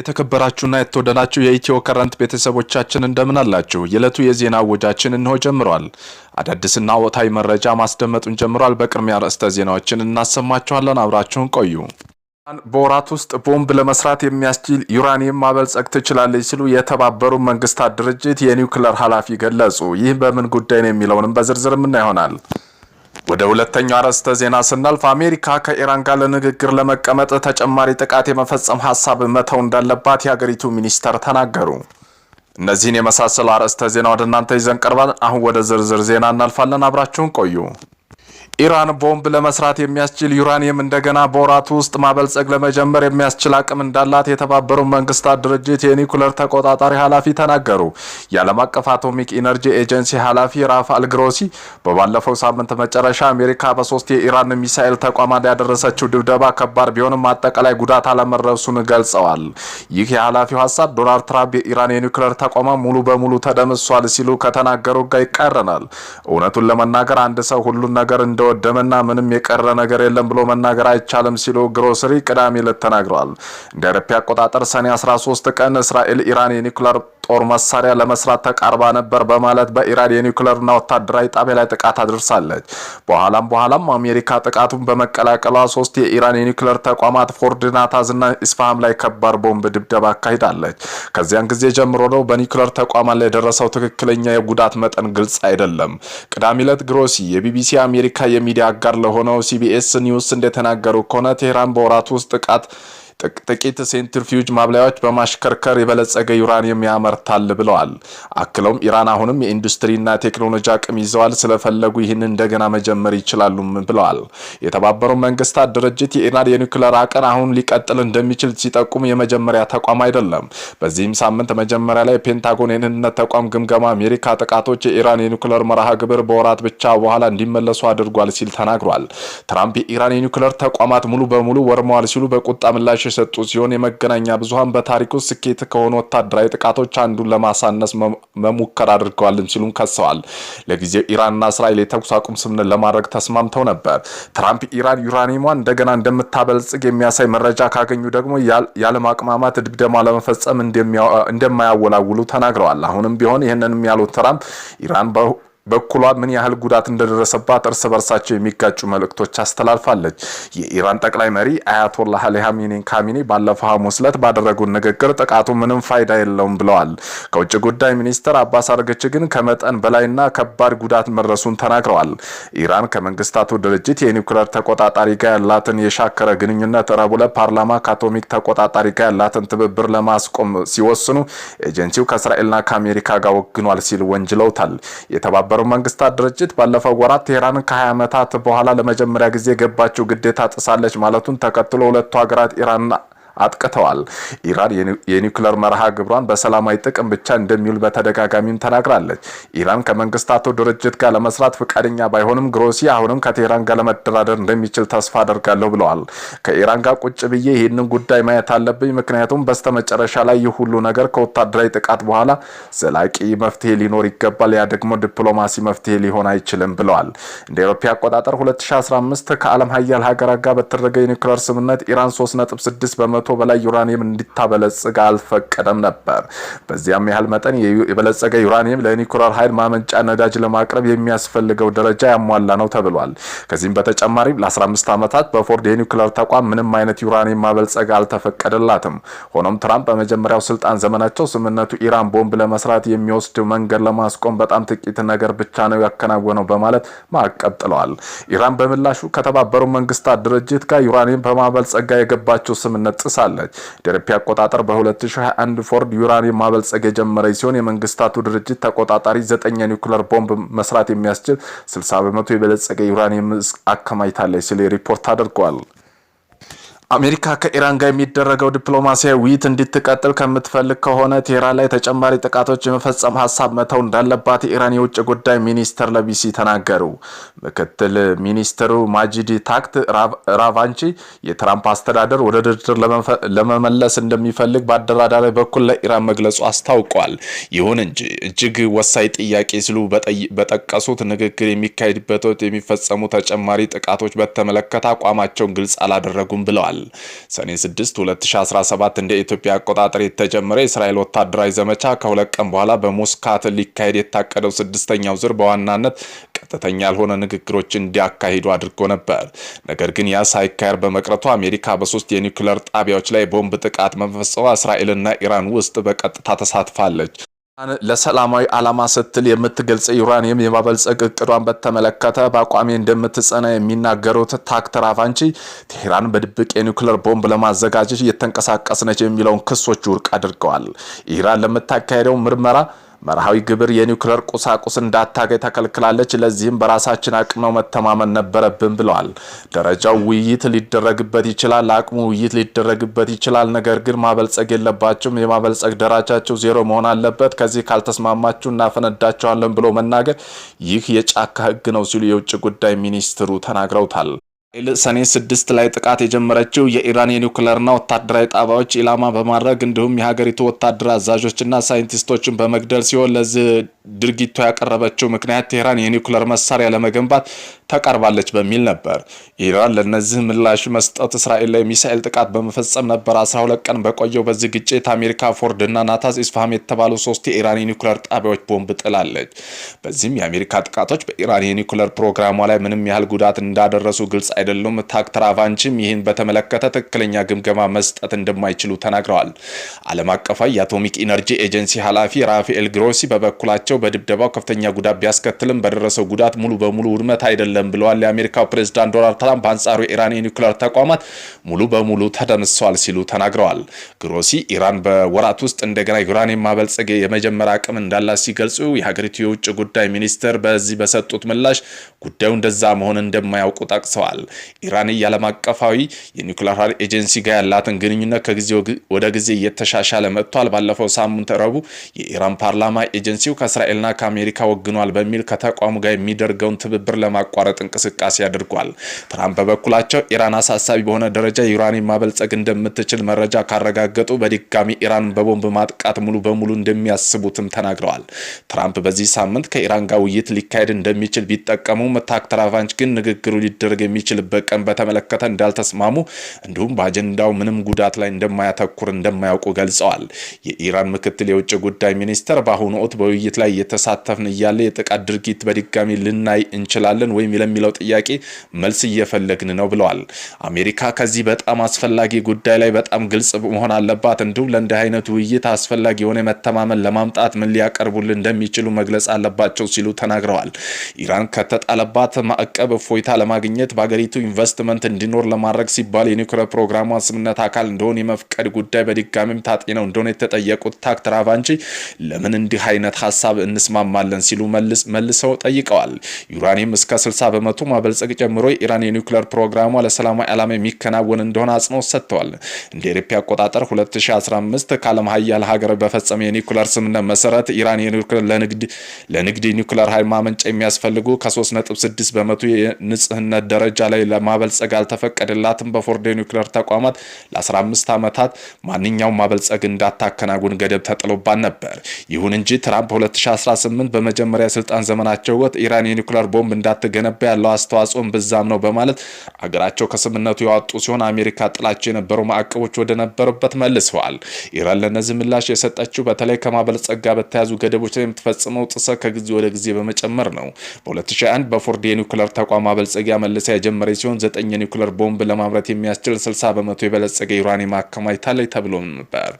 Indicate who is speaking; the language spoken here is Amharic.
Speaker 1: የተከበራችሁና የተወደዳችሁ የኢትዮ ከረንት ቤተሰቦቻችን እንደምን አላችሁ? የዕለቱ የዜና እወጃችን እንሆ ጀምሯል። አዳዲስና ወቅታዊ መረጃ ማስደመጡን ጀምሯል። በቅድሚያ ርዕስተ ዜናዎችን እናሰማችኋለን። አብራችሁን ቆዩ።
Speaker 2: በወራት ውስጥ ቦምብ ለመስራት የሚያስችል ዩራኒየም ማበልጸግ ትችላለች ሲሉ የተባበሩ መንግስታት ድርጅት የኒውክለር ኃላፊ ገለጹ። ይህ በምን ጉዳይ ነው የሚለውንም በዝርዝር ምና ይሆናል ወደ ሁለተኛው አርዕስተ ዜና ስናልፍ አሜሪካ ከኢራን ጋር ለንግግር ለመቀመጥ ተጨማሪ ጥቃት የመፈጸም ሀሳብ መተው እንዳለባት የሀገሪቱ ሚኒስተር ተናገሩ። እነዚህን የመሳሰሉ አርዕስተ ዜና ወደ እናንተ ይዘን ቀርባል። አሁን ወደ ዝርዝር ዜና እናልፋለን። አብራችሁን ቆዩ። ኢራን ቦምብ ለመስራት የሚያስችል ዩራኒየም እንደገና በወራት ውስጥ ማበልጸግ ለመጀመር የሚያስችል አቅም እንዳላት የተባበሩት መንግስታት ድርጅት የኒኩለር ተቆጣጣሪ ኃላፊ ተናገሩ። የዓለም አቀፍ አቶሚክ ኢነርጂ ኤጀንሲ ኃላፊ ራፋኤል ግሮሲ በባለፈው ሳምንት መጨረሻ አሜሪካ በሶስት የኢራን ሚሳኤል ተቋማት ያደረሰችው ድብደባ ከባድ ቢሆንም አጠቃላይ ጉዳት አለመድረሱን ገልጸዋል። ይህ የኃላፊው ሀሳብ ዶናልድ ትራምፕ የኢራን የኒኩለር ተቋማት ሙሉ በሙሉ ተደምሷል ሲሉ ከተናገሩ ጋር ይቃረናል። እውነቱን ለመናገር አንድ ሰው ሁሉን ነገር እንደወደመና ምንም የቀረ ነገር የለም ብሎ መናገር አይቻልም ሲሉ ግሮሰሪ ቅዳሜ ዕለት ተናግረዋል። እንደ አውሮፓ አቆጣጠር ሰኔ 13 ቀን እስራኤል ኢራን የኒኩለር ጦር መሳሪያ ለመስራት ተቃርባ ነበር በማለት በኢራን የኒውክለርና ወታደራዊ ጣቢያ ላይ ጥቃት አድርሳለች። በኋላም በኋላም አሜሪካ ጥቃቱን በመቀላቀሏ ሶስት የኢራን የኒውክለር ተቋማት ፎርድ፣ ናታዝና ኢስፋሃን ላይ ከባድ ቦምብ ድብደባ አካሂዳለች። ከዚያን ጊዜ ጀምሮ ነው በኒውክለር ተቋማት ላይ የደረሰው ትክክለኛ የጉዳት መጠን ግልጽ አይደለም። ቅዳሜ ዕለት ግሮሲ የቢቢሲ አሜሪካ የሚዲያ አጋር ለሆነው ሲቢኤስ ኒውስ እንደተናገሩ ከሆነ ቴህራን በወራት ውስጥ ጥቃት ጥቂት ሴንትሪፊዩጅ ማብላያዎች በማሽከርከር የበለጸገ ዩራኒየም ያመርታል ብለዋል። አክለውም ኢራን አሁንም የኢንዱስትሪና ቴክኖሎጂ አቅም ይዘዋል፣ ስለፈለጉ ይህን እንደገና መጀመር ይችላሉም ብለዋል። የተባበሩት መንግስታት ድርጅት የኢራን የኒውክሌር አቅም አሁን ሊቀጥል እንደሚችል ሲጠቁም የመጀመሪያ ተቋም አይደለም። በዚህም ሳምንት መጀመሪያ ላይ ፔንታጎን የደህንነት ተቋም ግምገማ አሜሪካ ጥቃቶች የኢራን የኒውክሌር መርሃ ግብር በወራት ብቻ በኋላ እንዲመለሱ አድርጓል ሲል ተናግሯል። ትራምፕ የኢራን የኒውክሌር ተቋማት ሙሉ በሙሉ ወርመዋል ሲሉ በቁጣ ምላሽ የሰጡ ሲሆን የመገናኛ ብዙሀን በታሪክ ውስጥ ስኬት ከሆኑ ወታደራዊ ጥቃቶች አንዱን ለማሳነስ መሙከር አድርገዋልም ሲሉም ከሰዋል። ለጊዜው ኢራንና እስራኤል የተኩስ አቁም ስምምነት ለማድረግ ተስማምተው ነበር። ትራምፕ ኢራን ዩራኒየሟን እንደገና እንደምታበልጽግ የሚያሳይ መረጃ ካገኙ ደግሞ ያለማቅማማት ድብደማ ለመፈጸም እንደማያወላውሉ ተናግረዋል። አሁንም ቢሆን ይህንንም ያሉት ትራምፕ ኢራን በኩሏ ምን ያህል ጉዳት እንደደረሰባት እርስ በርሳቸው የሚጋጩ መልእክቶች አስተላልፋለች። የኢራን ጠቅላይ መሪ አያቶላህ አሊ ሀሚኔን ካሚኔ ባለፈው ሐሙስ ዕለት ባደረጉት ንግግር ጥቃቱ ምንም ፋይዳ የለውም ብለዋል። ከውጭ ጉዳይ ሚኒስትር አባስ አርግች ግን ከመጠን በላይና ከባድ ጉዳት መድረሱን ተናግረዋል። ኢራን ከመንግስታቱ ድርጅት የኒውክሌር ተቆጣጣሪ ጋር ያላትን የሻከረ ግንኙነት ረቡዕ ዕለት ፓርላማ ከአቶሚክ ተቆጣጣሪ ጋር ያላትን ትብብር ለማስቆም ሲወስኑ ኤጀንሲው ከእስራኤልና ከአሜሪካ ጋር ወግኗል ሲል ወንጅለውታል። የተባበሩ መንግስታት ድርጅት ባለፈው ወራት ቴህራን ከ20 ዓመታት በኋላ ለመጀመሪያ ጊዜ የገባችው ግዴታ ጥሳለች ማለቱን ተከትሎ ሁለቱ ሀገራት ኢራንና አጥቅተዋል። ኢራን የኒውክለር መርሃ ግብሯን በሰላማዊ ጥቅም ብቻ እንደሚውል በተደጋጋሚም ተናግራለች። ኢራን ከመንግስታቱ ድርጅት ጋር ለመስራት ፈቃደኛ ባይሆንም ግሮሲ አሁንም ከቴህራን ጋር ለመደራደር እንደሚችል ተስፋ አደርጋለሁ ብለዋል። ከኢራን ጋር ቁጭ ብዬ ይህንን ጉዳይ ማየት አለብኝ፣ ምክንያቱም በስተመጨረሻ ላይ ይህ ሁሉ ነገር ከወታደራዊ ጥቃት በኋላ ዘላቂ መፍትሄ ሊኖር ይገባል። ያ ደግሞ ዲፕሎማሲ መፍትሄ ሊሆን አይችልም ብለዋል። እንደ አውሮፓ አቆጣጠር 2015 ከዓለም ሀያል ሀገራት ጋር በተደረገ የኒውክለር ስምምነት ኢራን 3.6 በመ ከመቶ በላይ ዩራኒየም እንዲታበለጽግ አልፈቀደም ነበር። በዚያም ያህል መጠን የበለጸገ ዩራኒየም ለኒኩለር ኃይል ማመንጫ ነዳጅ ለማቅረብ የሚያስፈልገው ደረጃ ያሟላ ነው ተብሏል። ከዚህም በተጨማሪ ለ15 ዓመታት በፎርድ የኒኩለር ተቋም ምንም አይነት ዩራኒየም ማበልጸግ አልተፈቀደላትም። ሆኖም ትራምፕ በመጀመሪያው ስልጣን ዘመናቸው ስምምነቱ ኢራን ቦምብ ለመስራት የሚወስድ መንገድ ለማስቆም በጣም ጥቂት ነገር ብቻ ነው ያከናወነው በማለት ማዕቀብ ጥለዋል። ኢራን በምላሹ ከተባበሩ መንግስታት ድርጅት ጋር ዩራኒየም በማበልጸጋ የገባቸው ስምምነት ትጠቅሳለች። ደረፒ አቆጣጠር በ2021 ፎርድ ዩራኒየም ማበልጸግ የጀመረች ሲሆን የመንግስታቱ ድርጅት ተቆጣጣሪ ዘጠኝ የኒውክለር ቦምብ መስራት የሚያስችል 60 በመቶ የበለጸገ ዩራኒየም አከማይታለች ሲል ሪፖርት አድርጓል። አሜሪካ ከኢራን ጋር የሚደረገው ዲፕሎማሲያዊ ውይይት እንድትቀጥል ከምትፈልግ ከሆነ ቴህራን ላይ ተጨማሪ ጥቃቶች የመፈጸም ሀሳብ መተው እንዳለባት የኢራን የውጭ ጉዳይ ሚኒስትር ለቢሲ ተናገሩ። ምክትል ሚኒስትሩ ማጂድ ታክት ራቫንቺ የትራምፕ አስተዳደር ወደ ድርድር ለመመለስ እንደሚፈልግ በአደራዳሪ በኩል ለኢራን መግለጹ አስታውቋል። ይሁን እንጂ እጅግ ወሳኝ ጥያቄ ሲሉ በጠቀሱት ንግግር የሚካሄድበት የሚፈጸሙ ተጨማሪ ጥቃቶች በተመለከተ አቋማቸውን ግልጽ አላደረጉም ብለዋል። ሰኔ 6 2017 እንደ ኢትዮጵያ አቆጣጠር የተጀመረ የእስራኤል ወታደራዊ ዘመቻ ከሁለት ቀን በኋላ በሞስካት ሊካሄድ የታቀደው ስድስተኛው ዙር በዋናነት ቀጥተኛ ያልሆነ ንግግሮች እንዲያካሂዱ አድርጎ ነበር። ነገር ግን ያ ሳይካሄድ በመቅረቱ አሜሪካ በሶስት የኒውክለር ጣቢያዎች ላይ ቦምብ ጥቃት መፈጸሟ እስራኤልና ኢራን ውስጥ በቀጥታ ተሳትፋለች። ለሰላማዊ ዓላማ ስትል የምትገልጽ ዩራኒየም የማበልጸግ እቅዷን በተመለከተ በአቋሜ እንደምትጸና የሚናገሩት ታክተር አቫንቺ ቴሄራን በድብቅ የኒውክለር ቦምብ ለማዘጋጀት እየተንቀሳቀስነች የሚለውን ክሶች ውድቅ አድርገዋል። ኢራን ለምታካሄደው ምርመራ መርሃዊ ግብር የኒውክሌር ቁሳቁስ እንዳታገኝ ተከልክላለች። ለዚህም በራሳችን አቅም ነው መተማመን ነበረብን ብለዋል። ደረጃው ውይይት ሊደረግበት ይችላል፣ አቅሙ ውይይት ሊደረግበት ይችላል። ነገር ግን ማበልጸግ የለባቸውም። የማበልጸግ ደረጃቸው ዜሮ መሆን አለበት። ከዚህ ካልተስማማችሁ እናፈነዳቸዋለን ብሎ መናገር ይህ የጫካ ህግ ነው ሲሉ የውጭ ጉዳይ ሚኒስትሩ ተናግረውታል። እስራኤል ሰኔ ስድስት ላይ ጥቃት የጀመረችው የኢራን የኒውክለርና ወታደራዊ ጣቢያዎች ኢላማ በማድረግ እንዲሁም የሀገሪቱ ወታደር አዛዦችና ሳይንቲስቶችን በመግደል ሲሆን ለዚህ ድርጊቷ ያቀረበችው ምክንያት ቴህራን የኒውክለር መሳሪያ ለመገንባት ተቃርባለች በሚል ነበር። ኢራን ለእነዚህ ምላሽ መስጠት እስራኤል ላይ ሚሳኤል ጥቃት በመፈጸም ነበር። 12 ቀን በቆየው በዚህ ግጭት አሜሪካ ፎርድ እና ናታንዝ ኢስፋሃን የተባሉ ሶስት የኢራን የኒውክለር ጣቢያዎች ቦምብ ጥላለች። በዚህም የአሜሪካ ጥቃቶች በኢራን የኒውክለር ፕሮግራሟ ላይ ምንም ያህል ጉዳት እንዳደረሱ ግልጽ አይደሉም። ታክተር አቫንችም ይህን በተመለከተ ትክክለኛ ግምገማ መስጠት እንደማይችሉ ተናግረዋል። ዓለም አቀፋዊ የአቶሚክ ኢነርጂ ኤጀንሲ ኃላፊ ራፋኤል ግሮሲ በበኩላቸው በድብደባው ከፍተኛ ጉዳት ቢያስከትልም በደረሰው ጉዳት ሙሉ በሙሉ ውድመት አይደለም ብለዋል። የአሜሪካው ፕሬዚዳንት ዶናልድ ትራምፕ በአንጻሩ የኢራን የኒውክሌር ተቋማት ሙሉ በሙሉ ተደምሰዋል ሲሉ ተናግረዋል። ግሮሲ ኢራን በወራት ውስጥ እንደገና ዩራኒየም ማበልጸግ የመጀመሪያ አቅም እንዳላት ሲገልጹ የሀገሪቱ የውጭ ጉዳይ ሚኒስትር በዚህ በሰጡት ምላሽ ጉዳዩ እንደዛ መሆን እንደማያውቁ ጠቅሰዋል። ኢራን የዓለም አቀፋዊ የኒውክሌር ኃይል ኤጀንሲ ጋር ያላትን ግንኙነት ከጊዜ ወደ ጊዜ እየተሻሻለ መጥቷል። ባለፈው ሳምንት ረቡዕ የኢራን ፓርላማ ኤጀንሲው ከእስራኤልና ከአሜሪካ ወግኗል በሚል ከተቋሙ ጋር የሚደርገውን ትብብር ለማቋረጥ እንቅስቃሴ አድርጓል። ትራምፕ በበኩላቸው ኢራን አሳሳቢ በሆነ ደረጃ ዩራኒየም ማበልጸግ እንደምትችል መረጃ ካረጋገጡ በድጋሚ ኢራንን በቦምብ ማጥቃት ሙሉ በሙሉ እንደሚያስቡትም ተናግረዋል። ትራምፕ በዚህ ሳምንት ከኢራን ጋር ውይይት ሊካሄድ እንደሚችል ቢጠቀሙ ትራቫንች ግን ንግግሩ ሊደረግ የሚችል የሚችልበት ቀን በተመለከተ እንዳልተስማሙ እንዲሁም በአጀንዳው ምንም ጉዳት ላይ እንደማያተኩር እንደማያውቁ ገልጸዋል። የኢራን ምክትል የውጭ ጉዳይ ሚኒስተር በአሁኑ ወቅት በውይይት ላይ እየተሳተፍን እያለ የጥቃት ድርጊት በድጋሚ ልናይ እንችላለን ወይም ለሚለው ጥያቄ መልስ እየፈለግን ነው ብለዋል። አሜሪካ ከዚህ በጣም አስፈላጊ ጉዳይ ላይ በጣም ግልጽ መሆን አለባት። እንዲሁም ለእንዲህ አይነቱ ውይይት አስፈላጊ የሆነ መተማመን ለማምጣት ምን ሊያቀርቡልን እንደሚችሉ መግለጽ አለባቸው ሲሉ ተናግረዋል። ኢራን ከተጣለባት ማዕቀብ እፎይታ ለማግኘት በሀገሪቱ በሀገሪቱ ኢንቨስትመንት እንዲኖር ለማድረግ ሲባል የኒውክሌር ፕሮግራሟ ስምነት አካል እንደሆነ የመፍቀድ ጉዳይ በድጋሚም ታጤነው እንደሆነ የተጠየቁት ታክትራቫ ትራቫንቺ ለምን እንዲህ አይነት ሀሳብ እንስማማለን ሲሉ መልሰው ጠይቀዋል። ዩራኒየም እስከ 60 በመቶ ማበልጸግ ጨምሮ የኢራን የኒውክሌር ፕሮግራሟ ለሰላማዊ ዓላማ የሚከናወን እንደሆነ አጽንኦት ሰጥተዋል። እንደ ኢትዮጵያ አቆጣጠር 2015 ከዓለም ሀያል ሀገር በፈጸመ የኒውክሌር ስምነት መሰረት ኢራን ለንግድ ኒውክሌር ኃይል ማመንጫ የሚያስፈልጉ ከ3.6 በመቶ የንጽህነት ደረጃ ላይ ለማበልጸግ አልተፈቀደላትም። በፎርዶ የኒውክሌር ተቋማት ለ15 ዓመታት ማንኛውም ማበልጸግ እንዳታከናውን ገደብ ተጥሎባት ነበር። ይሁን እንጂ ትራምፕ 2018 በመጀመሪያ የስልጣን ዘመናቸው ወቅት ኢራን የኒውክሌር ቦምብ እንዳትገነባ ያለው አስተዋጽኦ ብዛም ነው በማለት አገራቸው ከስምነቱ የዋጡ ሲሆን አሜሪካ ጥላቸው የነበሩ ማዕቀቦች ወደ ነበሩበት መልሰዋል። ኢራን ለነዚህ ምላሽ የሰጠችው በተለይ ከማበልጸግ ጋር በተያዙ ገደቦች ላይ የምትፈጽመው ጥሰት ከጊዜ ወደ ጊዜ በመጨመር ነው። በ2001 በፎርዶ የኒውክሌር ተቋም ማበልጸጊያ መልሳ የጀመረ ተጨማሪ ሲሆን ዘጠኝ የኒውክለር ቦምብ ለማምረት የሚያስችል 60 በመቶ የበለጸገ ዩራኒየም አከማችታለች ተብሎም ነበር።